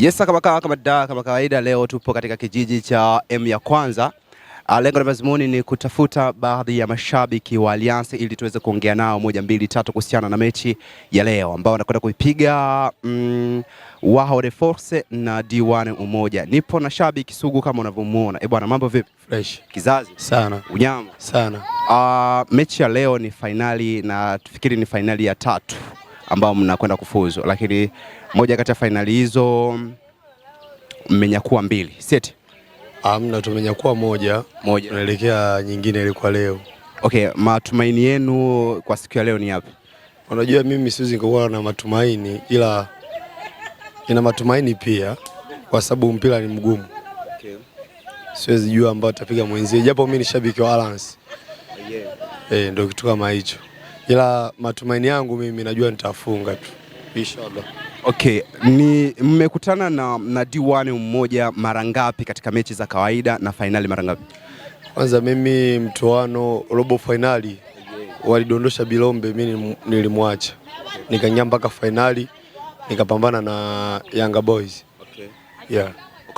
Yes, kama kama da kama kawaida, leo tupo katika kijiji cha M ya kwanza. Ah, lengo la mazimuni ni kutafuta baadhi ya mashabiki wa Alliance ili tuweze kuongea nao moja mbili tatu kuhusiana na mechi ya leo ambao wanakwenda kuipiga mm, Wahao de Force na D1 Umoja. Nipo na shabiki sugu kama unavyomuona. Eh, bwana mambo vipi? Fresh. Kizazi. Sana. Unyama. Sana. Uh, mechi ya leo ni fainali na tufikiri ni fainali ya tatu ambao mnakwenda kufuzu, lakini moja kati ya fainali hizo mmenyakuwa mbili seti. Amna, ah, tumenyakuwa moja moja, tunaelekea nyingine ilikuwa leo. Okay, matumaini yenu kwa siku ya leo ni yapi? Unajua, mimi siwezi kuwa na matumaini, ila ina matumaini pia, kwa sababu mpira ni mgumu. Okay. Siwezi jua ambao atapiga mwenzie, japo mimi ni shabiki wa Alliance. Yeah. Eh, ndio kitu kama hicho ila matumaini yangu mimi najua nitafunga tu inshallah. Okay, ni mmekutana na, na D1 mmoja mara ngapi katika mechi za kawaida na fainali mara ngapi? Kwanza mimi mtoano robo fainali walidondosha Bilombe, mimi nilimwacha nikaingia mpaka fainali nikapambana na Yanga Boys. Okay. Yeah.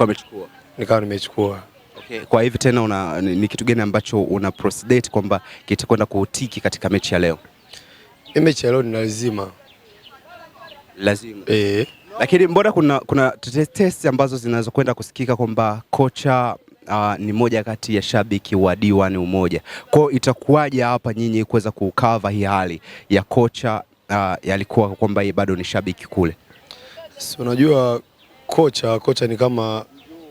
mechukua. Nikawa nimechukua. Okay. Kwa hivi tena una, ni kitu gani ambacho una prosidate kwamba kitakwenda kuutiki katika mechi ya leo? mechi ya leo ni lazima lazima eh. Lakini mbona kuna, kuna tetesi ambazo zinazo kwenda kusikika kwamba kocha uh, ni moja kati ya shabiki wa D1 Umoja. Kwa itakuwaje hapa nyinyi kuweza kukava hii hali ya kocha uh, yalikuwa kwamba yeye bado ni shabiki kule? Si unajua kocha kocha ni kama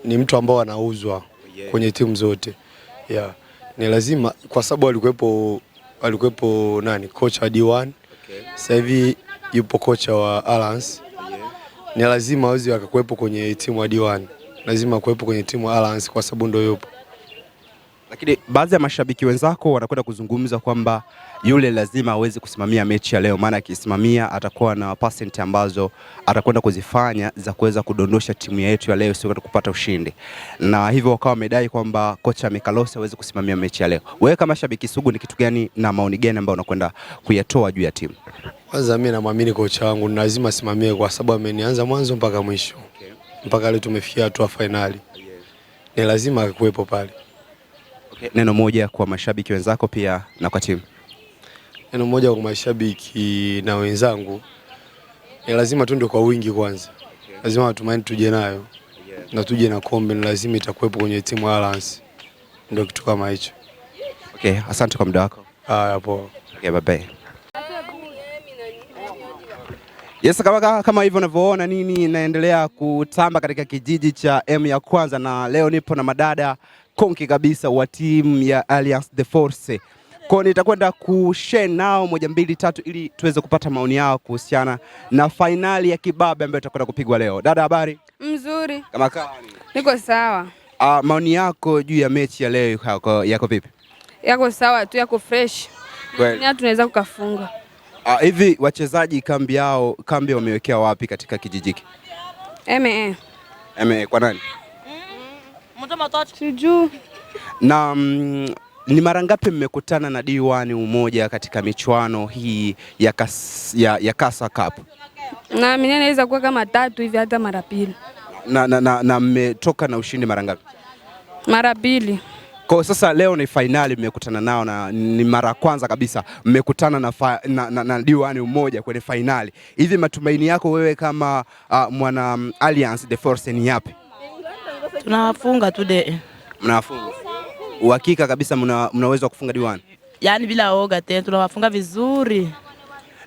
ni mtu ambao anauzwa kwenye timu zote yeah. Ni lazima kwa sababu alikuwepo alikuwepo nani kocha wa D1 okay. Sasa hivi yupo kocha wa Alliance yeah. Ni lazima aweze akakuwepo kwenye timu ya D1, lazima akuwepo kwenye timu ya Alliance kwa sababu ndio yupo lakini baadhi ya mashabiki wenzako wanakwenda kuzungumza kwamba yule lazima aweze kusimamia mechi ya leo, maana akisimamia atakuwa na percent ambazo atakwenda kuzifanya za kuweza kudondosha timu yetu ya leo sio kupata ushindi, na hivyo wakawa wamedai kwamba kocha Mikalosi aweze kusimamia mechi ya leo. Wewe kama shabiki sugu, ni kitu gani na maoni gani ambayo unakwenda kuyatoa juu ya timu? Kwanza mimi namwamini kocha wangu, lazima asimamie kwa sababu amenianza mwanzo mpaka mwisho, mpaka leo tumefikia hatua fainali, ni lazima akuwepo pale neno moja kwa mashabiki wenzako pia na kwa timu? Neno moja kwa mashabiki na wenzangu ni lazima tuende kwa wingi kwanza, lazima watumaini tuje nayo na tuje na kombe, ni lazima itakuwepo kwenye timu Alliance, ndio kitu kama hicho. Okay, asante kwa muda wako. Ah, hapo. Okay, bye bye. Yes, kama, kama hivyo unavyoona nini inaendelea kutamba katika kijiji cha M ya kwanza, na leo nipo na madada konki kabisa wa timu ya Alliance de Force. Kwa nitakwenda kushare nao moja mbili tatu ili tuweze kupata maoni yao kuhusiana na fainali ya kibabe ambayo itakwenda kupigwa leo. Dada, habari? Mzuri. Kama kawa niko sawa. Uh, maoni yako juu ya mechi ya leo yako, yako vipi? Yako sawa tu, yako fresh. Well. Yaani Tunaweza kukafunga. Uh, hivi wachezaji kambi yao kambi wamewekea wapi katika kijiji hiki? ME. kwa nani? Sijui. Na mm, ni mara ngapi mmekutana na diwani Umoja katika michuano hii ya, kas, ya, ya Kasa Cup? Na mimi naweza kuwa kama tatu hivi hata mara pili. Na na mmetoka na, na ushindi mara ngapi? Mara pili. Kwa sasa leo ni fainali mmekutana nao na ni mara kwanza kabisa mmekutana na, na, na, na diwani Umoja kwenye fainali. Hivi matumaini yako wewe kama uh, mwana um, Alliance de Force ni yapi? tunawafunga tu de. Mnawafunga uhakika kabisa? Mna, mnaweza kufunga diwani yaani bila oga tena, tunawafunga vizuri.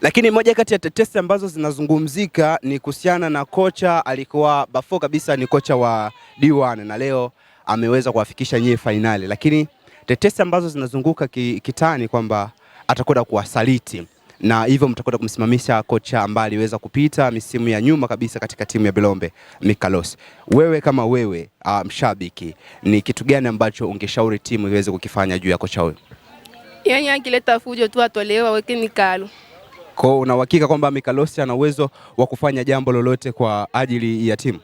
Lakini moja kati ya tetesi ambazo zinazungumzika ni kuhusiana na kocha alikuwa bafo kabisa, ni kocha wa D1 na leo ameweza kuwafikisha nyie fainali, lakini tetesi ambazo zinazunguka kitani kwamba atakwenda kuwasaliti na hivyo mtakwenda kumsimamisha kocha ambaye aliweza kupita misimu ya nyuma kabisa katika timu ya Bilombe Mikalos. Wewe kama wewe ah, mshabiki, ni kitu gani ambacho ungeshauri timu iweze kukifanya juu ya kocha huyu? Yaani akileta fujo tu atolewe, aweke Mikalo. Kwa una uhakika kwamba Mikalosi ana uwezo wa kufanya jambo lolote kwa ajili ya timu?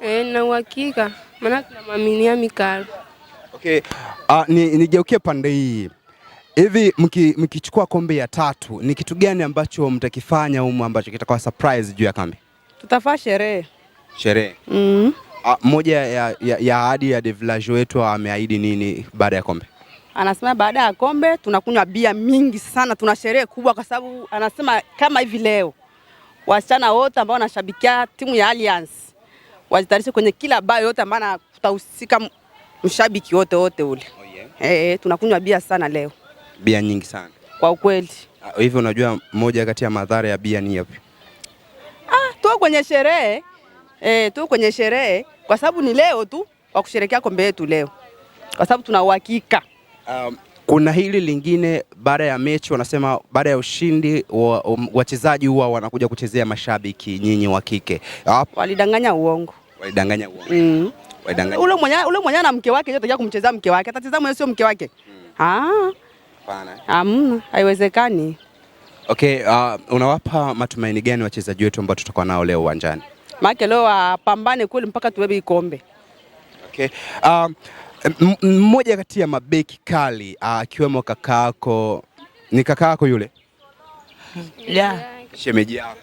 Eh, na uhakika maana tunamwaminia Mikalo. Okay. Uh, nigeukie ni pande hii Hivi mkichukua kombe ya tatu ni kitu gani ambacho mtakifanya humu ambacho kitakuwa surprise juu ya kambi? Tutafaa sherehe. Sherehe. Mm. Moja ya ya ahadi ya, ya Devlajo wetu ameahidi nini baada ya kombe? Anasema baada ya kombe tunakunywa bia mingi sana, tuna sherehe kubwa, kwa sababu anasema kama hivi leo wasichana wote ambao wanashabikia timu ya Alliance wajitarishe kwenye kila baa yote, maana kutahusika mshabiki wote wote ule. Oh yeah. Eh, eh tunakunywa bia sana leo bia nyingi sana kwa ukweli. Ah, Hivyo unajua moja kati ya madhara ya bia ni yapi? Ah, tu kwenye sherehe eh, tu kwenye sherehe kwa sababu ni leo tu kwa kusherekea kombe yetu leo, kwa sababu tuna uhakika um, kuna hili lingine, baada ya mechi wanasema baada ya ushindi um, wachezaji huwa wanakuja kuchezea mashabiki. Nyinyi wa kike walidanganya uongo, walidanganya uongo mm. Walidanganya. Ule mwenye ule mwenye na mke wake, yeye atakuja kumchezea mke wake, atacheza mwenye sio mke wake mm. ah Hapana, hamna, haiwezekani. Okay, uh, unawapa matumaini gani wachezaji wetu ambao tutakuwa nao leo uwanjani? Maana leo wapambane uh, kweli mpaka tubebe ikombe. Okay. Um, mmoja kati ya mabeki kali uh, akiwemo uh, kakaako ni kakaako yule hmm. yeah. Shemeji yako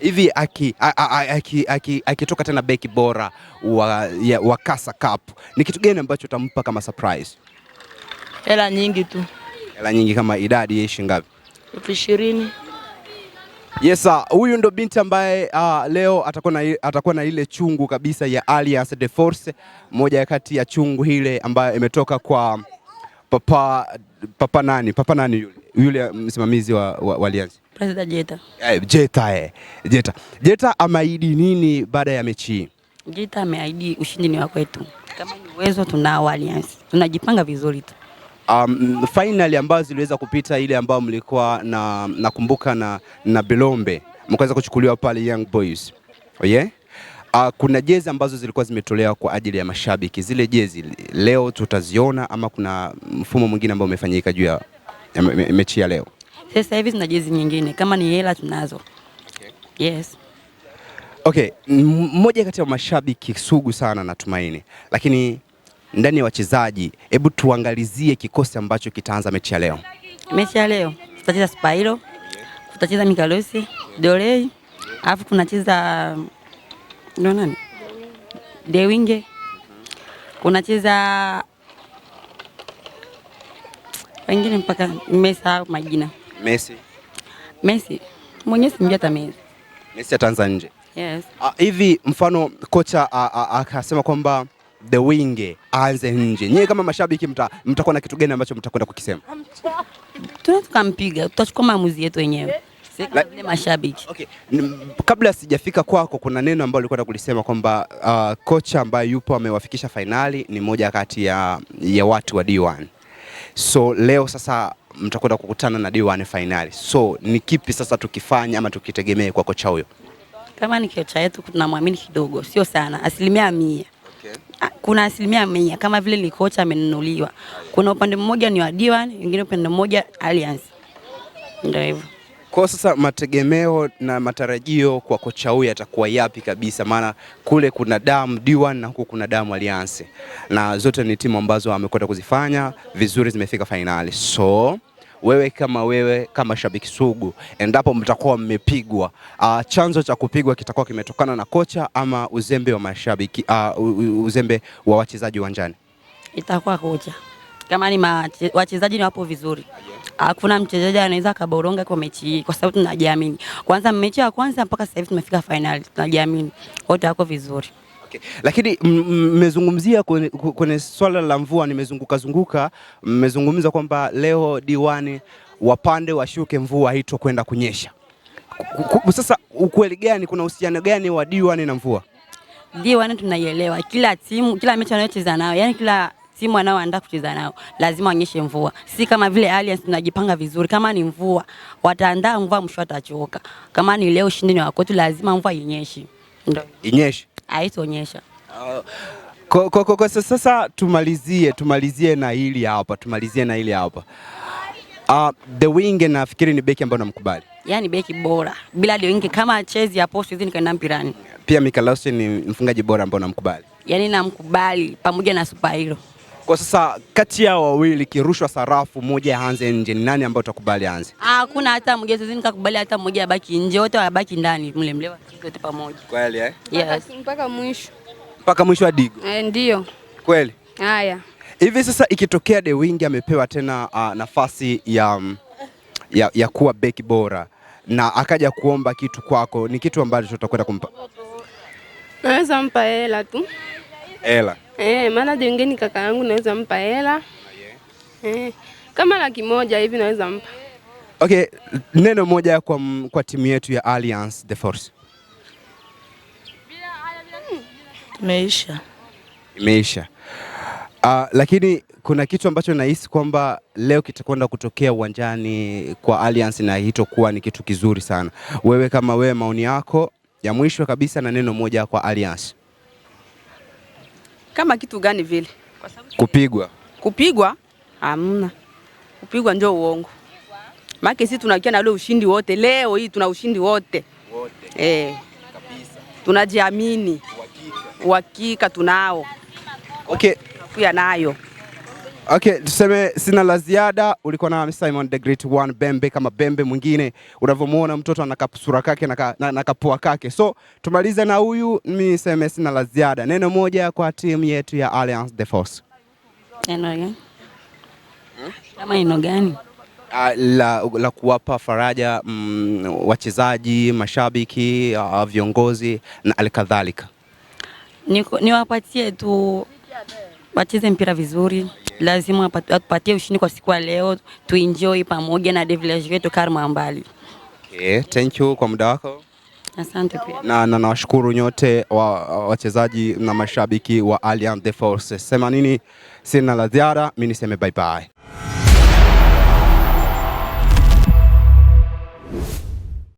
hivi akitoka aki, aki, aki tena beki bora wa, ya, wa Kasa Cup ni kitu gani ambacho utampa kama surprise? Hela nyingi tu hela nyingi kama idadi ya ishi ngapi? elfu ishirini. Yes, huyu ndo binti ambaye uh, leo atakuwa na, atakuwa na ile chungu kabisa ya Alliance de Force, moja ya kati ya chungu ile ambayo imetoka kwa papa papa nani papa nani yule yule msimamizi wa, wa, wa Alliance President Jeta. Eh, Jeta eh. Jeta. Jeta ameahidi nini baada ya mechi hii? Jeta ameahidi ushindi ni wa kwetu, kama ni uwezo tunao Alliance, tunajipanga vizuri tu um, finali ambazo ziliweza kupita, ile ambayo mlikuwa na nakumbuka na, na Bilombe mkaweza kuchukuliwa pale Young Boys yeah? Uh, kuna jezi ambazo zilikuwa zimetolewa kwa ajili ya mashabiki. Zile jezi leo tutaziona ama kuna mfumo mwingine ambao umefanyika juu ya mechi ya leo? Sasa hivi tuna jezi nyingine, kama ni hela tunazo. Okay. Yes. Okay, mmoja kati ya mashabiki sugu sana natumaini, lakini ndani ya wachezaji, hebu tuangalizie kikosi ambacho kitaanza mechi ya leo. Mechi ya leo tutacheza Spairo, tutacheza Mikalosi Dorei, alafu kunacheza um, ndo nani, Dewinge, kunacheza wengine mpaka nimesahau majina. Messi Messi mwenyewe simjua tamezi Messi ataanza nje. Yes. Ah, hivi mfano kocha ah, ah, akasema kwamba the wing aanze nje. Nyie kama mashabiki mtakuwa mta na kitu gani ambacho mtakwenda kukisema? Tunaweza tukampiga, tutachukua maamuzi yetu wenyewe. sisi Mashabiki. Okay. Kabla sijafika kwako, kuna neno ambalo ulikuwa kulisema kwamba uh, kocha ambaye yupo amewafikisha fainali ni moja kati ya, ya watu wa D1. So leo sasa mtakwenda kukutana na D1 fainali, so ni kipi sasa tukifanya ama tukitegemee kwa kocha huyo? Kama ni kocha yetu tunamwamini kidogo, sio sana, asilimia mia. Okay kuna asilimia mia kama vile ni kocha amenunuliwa, kuna upande mmoja ni wa Diwan, wengine upande mmoja Alliance, ndio hivyo. Kwa sasa mategemeo na matarajio kwa kocha huyu yatakuwa yapi kabisa? Maana kule kuna damu Diwan na huku kuna damu Alliance, na zote ni timu ambazo amekwenda kuzifanya vizuri, zimefika fainali so wewe kama wewe kama shabiki sugu, endapo mtakuwa mmepigwa, uh, chanzo cha kupigwa kitakuwa kimetokana na kocha ama uzembe wa mashabiki uh, uzembe wa wachezaji uwanjani? Itakuwa kocha. Kama ni wachezaji ni wapo vizuri, ah, hakuna mchezaji anaweza akaboronga kwa mechi hii, kwa sababu tunajiamini. Kwanza mechi ya kwanza mpaka sasa hivi tumefika finali, tunajiamini wote wako vizuri. Okay. Lakini mmezungumzia kwenye, swala la mvua, nimezunguka zunguka, mmezungumza kwamba leo diwani wapande washuke, mvua hito kwenda kunyesha. Sasa ukweli gani, kuna uhusiano gani wa diwani na mvua? Diwani tunaielewa, kila timu, kila mechi anayocheza nayo, yani kila timu wanaoandaa kucheza nao lazima waonyeshe mvua. Si kama vile Alliance tunajipanga vizuri, kama ni mvua wataandaa mvua, mwisho atachoka. Kama ni leo ushindi ni wako lazima mvua inyeshe, ndio inyeshe haitonyesha. Kwa, kwa, kwa, sasa tumalizie tumalizie na hili hapa tumalizie na hili hapa uh, The Wing nafikiri ni beki ambayo namkubali, yaani beki bora bila The Wing kama achezi ya posti hizi nikaenda mpirani. Pia Mikalausi ni mfungaji bora ambao namkubali, yaani namkubali pamoja na super hero kwa sasa kati yao wawili kirushwa sarafu moja aanze nje, ni nani ambaye utakubali aanze? Ah, kuna hata mmoja mgezi nikakubali hata mmoja abaki nje, wote wabaki ndani mle mle wote pamoja. Kweli eh? Yes. Mpaka mwisho. Mpaka mwisho wa digo. Eh, ndio. Kweli. Haya. Hivi sasa ikitokea De Wingi amepewa tena uh, nafasi ya, mm, ya, ya kuwa beki bora na akaja kuomba kitu kwako, ni kitu ambacho tutakwenda kumpa? Naweza mpa hela tu hela eh, maana jengeni kaka yangu naweza mpa hela eh, kama laki moja hivi naweza mpa. Okay, neno moja kwa, kwa timu yetu ya Alliance The Force. Imeisha. Imeisha. Uh, lakini kuna kitu ambacho nahisi kwamba leo kitakwenda kutokea uwanjani kwa Alliance na hitokuwa ni kitu kizuri sana. Wewe kama wewe, maoni yako ya mwisho kabisa na neno moja kwa Alliance. Kama kitu gani vile? Kupigwa? Kupigwa hamna, kupigwa njo uongo. Maana sisi tunakia na ule ushindi wote, leo hii tuna ushindi wote, wote. Eh. Kabisa. Tunajiamini uhakika tunao. Okay. Tunakuya nayo Okay, tuseme sina la ziada. Ulikuwa na Simon the Great One Bembe, kama Bembe mwingine unavyomwona mtoto ana kapsura kake na, na, kapua kake. So tumalize na huyu, mi niseme sina la ziada, neno moja kwa timu yetu ya Alliance The Force. Neno kama ino gani? Ah, la, la kuwapa faraja mm, wachezaji, mashabiki, uh, viongozi na alikadhalika, niwapatie tu wacheze mpira vizuri, lazima atupatie ushindi kwa siku ya leo, tuenjoy pamoja na devilage wetu Karma Mbali. Okay, thank you kwa muda wako. Asante pia. Na na nawashukuru nyote wa wachezaji na mashabiki wa Alliance de Force. Sema nini? Sina la ziara mimi niseme bye bye.